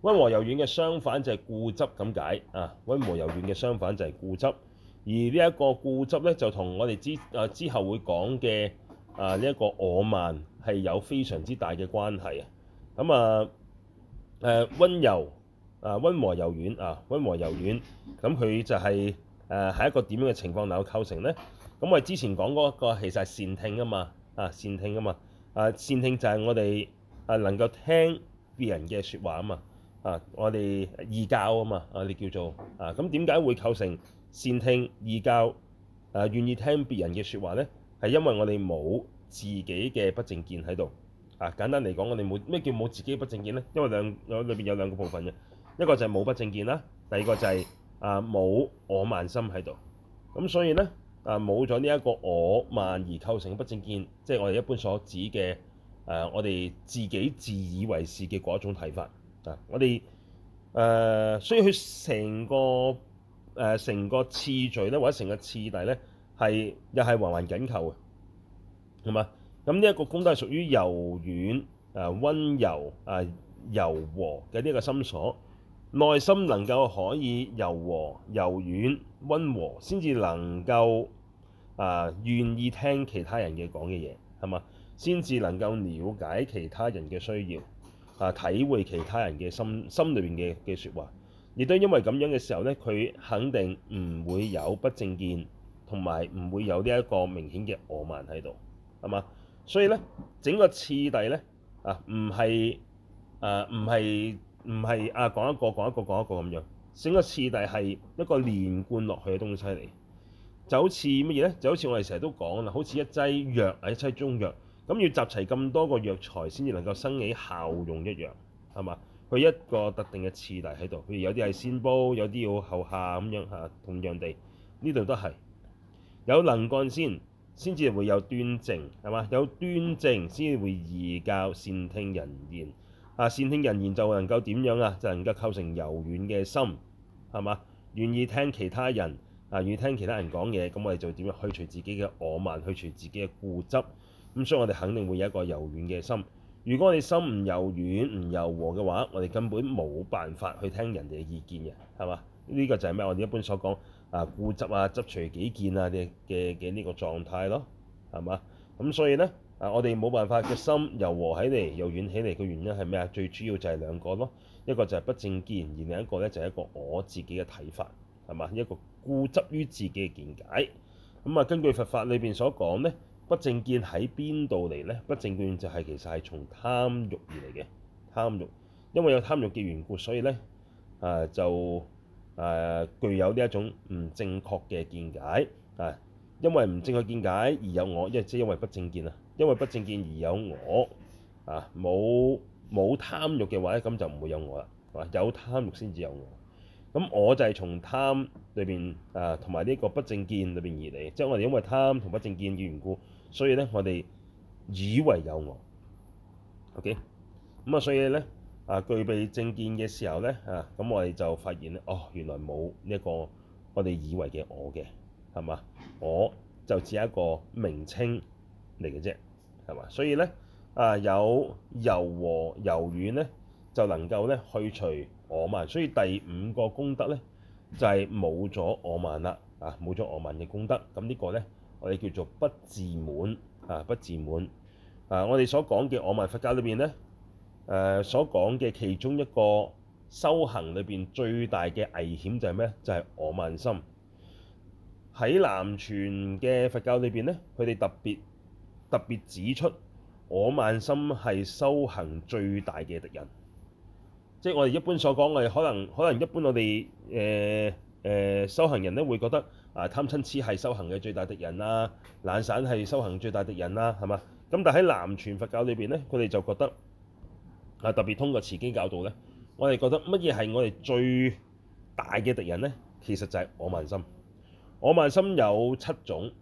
溫和柔軟嘅相反就係固執咁解啊！溫和柔軟嘅相反就係固執，而呢一個固執咧就同我哋之啊之後會講嘅啊呢一個我慢係有非常之大嘅關係啊！咁啊誒溫柔啊溫和柔軟啊溫和柔軟，咁佢就係誒係一個點樣嘅情況能夠構成咧？咁我哋之前講嗰個其實係善聽啊嘛啊善聽啊嘛啊善聽就係我哋啊能夠聽別人嘅説話啊嘛。啊！我哋義教啊嘛，我哋叫做啊。咁點解會構成善聽義教？誒、啊，願意聽別人嘅説話呢？係因為我哋冇自己嘅不正見喺度。啊，簡單嚟講，我哋冇咩叫冇自己嘅不正見呢？因為兩我裏邊有兩個部分嘅，一個就係冇不正見啦，第二個就係、是、啊冇我慢心喺度。咁所以呢，啊冇咗呢一個我慢而構成嘅不正見，即、就、係、是、我哋一般所指嘅誒、啊，我哋自己自以為是嘅嗰種睇法。我哋誒、呃，所以佢成個誒成、呃、個次序咧，或者成個次第咧，係又係環環緊扣嘅，係嘛？咁呢一個功德係屬於柔軟、誒、呃、温柔、誒、呃、柔和嘅呢個心所，內心能夠可以柔和、柔軟、温和，先至能夠啊願意聽其他人嘅講嘅嘢，係嘛？先至能夠了解其他人嘅需要。啊！體會其他人嘅心心裏面嘅嘅説話，亦都因為咁樣嘅時候呢，佢肯定唔會有不正見，同埋唔會有呢一個明顯嘅傲慢喺度，係嘛？所以呢，整個次第呢，啊，唔係啊，唔係唔係啊，講一個講一個講一個咁樣，整個次第係一個連貫落去嘅東西嚟，就好似乜嘢呢？就好似我哋成日都講啦，好似一劑藥，一劑中藥。咁要集齊咁多個藥材，先至能夠生起效用一樣，係嘛？佢一個特定嘅次第喺度，譬如有啲係先煲，有啲要後下咁樣嚇。同樣地，呢度都係有能幹先，先至會有端正，係嘛？有端正先至會易教善聽人言啊！善聽人言就能夠點樣啊？就能夠構成柔軟嘅心係嘛？願意聽其他人啊，願意聽其他人講嘢，咁我哋就點樣去除自己嘅我慢，去除自己嘅固執？咁所以我哋肯定會有一個柔軟嘅心。如果我哋心唔柔軟、唔柔和嘅話，我哋根本冇辦法去聽人哋嘅意見嘅，係嘛？呢、這個就係咩？我哋一般所講啊固執啊，執隨己見啊嘅嘅嘅呢個狀態咯，係嘛？咁所以呢，啊，我哋冇辦法嘅心柔和起嚟、柔軟起嚟嘅原因係咩啊？最主要就係兩個咯，一個就係不正見，而另一個呢就係一個我自己嘅睇法，係嘛？一個固執於自己嘅見解。咁、嗯、啊，根據佛法裏邊所講呢。不正見喺邊度嚟呢？不正見就係其實係從貪欲而嚟嘅。貪欲，因為有貪欲嘅緣故，所以呢，啊就誒、啊、具有呢一種唔正確嘅見解啊，因為唔正確見解而有我，因為即係因為不正見啊，因為不正見而有我啊，冇冇貪欲嘅話，咁就唔會有我啦，有貪欲先至有我，咁我就係從貪裏邊啊同埋呢個不正見裏邊而嚟，即係我哋因為貪同不正見嘅緣故。所以咧，我哋以為有我，OK，咁啊，所以咧啊，具備正見嘅時候咧啊，咁我哋就發現咧，哦，原來冇呢一個我哋以為嘅我嘅，係嘛？我就只係一個名稱嚟嘅啫，係嘛？所以咧啊，有柔和柔軟咧，就能夠咧去除我慢，所以第五個功德咧就係冇咗我慢啦，啊，冇咗我慢嘅功德，咁呢個咧。我哋叫做不自滿啊！不自滿啊！我哋所講嘅我慢，佛教裏邊呢，誒所講嘅其中一個修行裏邊最大嘅危險就係咩？就係我慢心。喺南傳嘅佛教裏邊呢，佢哋特別特別指出，我慢心係修行最大嘅敵人。即係我哋一般所講，我哋可能可能一般我哋誒誒修行人呢會覺得。啊！貪嗔痴係修行嘅最大敵人啦，懶散係修行最大敵人啦，係嘛？咁但喺南傳佛教裏邊咧，佢哋就覺得啊，特別通過慈經教導咧，我哋覺得乜嘢係我哋最大嘅敵人咧？其實就係我慢心。我慢心有七種，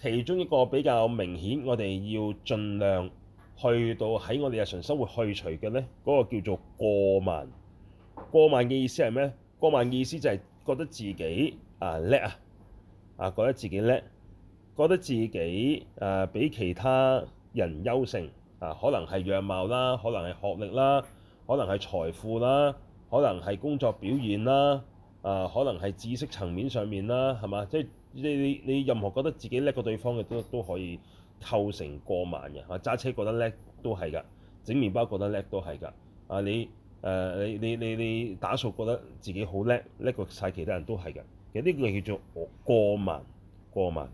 其中一個比較明顯，我哋要盡量去到喺我哋日常生活去除嘅咧，嗰、那個叫做過慢。過慢嘅意思係咩？過慢嘅意思就係覺得自己啊叻啊！啊，覺得自己叻，覺得自己誒、呃、比其他人優勝啊，可能係樣貌啦，可能係學歷啦，可能係財富啦，可能係工作表現啦，啊，可能係知識層面上面啦，係嘛？即、就、係、是、你你，你任何覺得自己叻過對方嘅都都可以構成過慢嘅，啊，揸車覺得叻都係㗎，整麵包覺得叻都係㗎，啊，你誒、呃、你你你你打掃覺得自己好叻，叻過晒其他人都係㗎。其實呢個叫做過慢，過慢，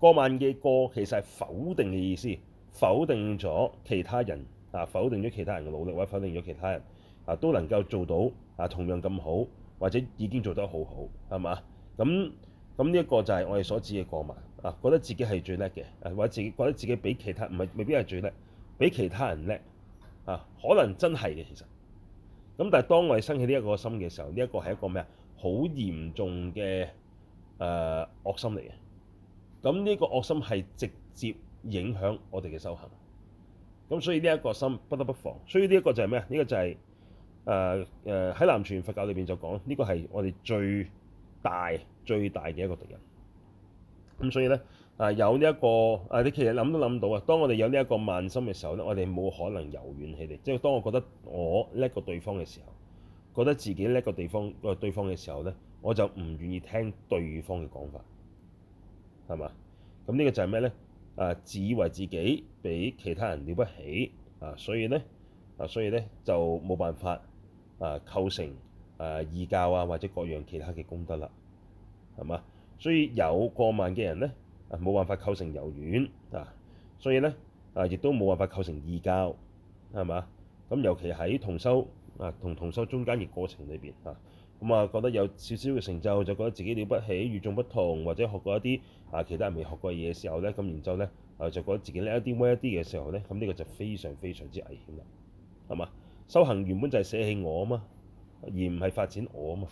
過慢嘅過，其實係否定嘅意思，否定咗其他人啊，否定咗其他人嘅努力，或者否定咗其他人啊，都能夠做到啊，同樣咁好，或者已經做得好好，係嘛？咁咁呢一個就係我哋所指嘅過慢啊，覺得自己係最叻嘅，啊，或者自己覺得自己比其他唔係未必係最叻，比其他人叻啊，可能真係嘅其實。咁但係當我哋生起呢一個心嘅時候，呢、這個、一個係一個咩啊？好嚴重嘅誒、呃、惡心嚟嘅，咁呢個惡心係直接影響我哋嘅修行，咁所以呢一個心不得不防。所以呢一個就係咩啊？呢、這個就係誒誒喺南傳佛教裏邊就講，呢、這個係我哋最大最大嘅一個敵人。咁所以咧，啊有呢、這、一個啊，你其實諗都諗到啊，當我哋有呢一個慢心嘅時候咧，我哋冇可能柔軟起嚟，即、就、係、是、當我覺得我叻過對方嘅時候。覺得自己叻個地方，個對方嘅時候呢，我就唔願意聽對方嘅講法，係嘛？咁呢個就係咩呢？啊，自以為自己比其他人了不起、呃呃、啊，了啊，所以呢，啊，所以呢就冇辦法啊構成啊義教啊或者各樣其他嘅功德啦，係嘛？所以有過慢嘅人呢，啊冇辦法構成柔軟啊，所以呢，啊亦都冇辦法構成義教，係嘛？咁尤其喺同修。啊，同同修中間嘅過程裏邊啊，咁啊覺得有少少嘅成就，就覺得自己了不起、與眾不同，或者學過一啲啊其他人未學過嘅嘢嘅時候咧，咁、啊、然之後咧啊就覺得自己叻一啲、威一啲嘅時候咧，咁、啊、呢、呢個就非常非常之危險啦，係嘛？修行原本就係捨棄我啊嘛，而唔係發展我啊嘛，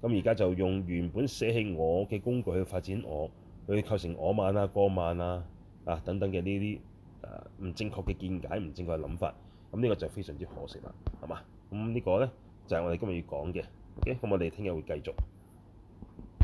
咁、啊、而家、啊、就用原本捨棄我嘅工具去發展我，去構成我慢啊、過慢啊啊等等嘅呢啲誒唔正確嘅見解、唔正確嘅諗法，咁、啊、呢、呢個就非常之可惜啦，係嘛？咁、這個、呢個咧就係、是、我哋今日要講嘅，OK，咁我哋聽日會繼續。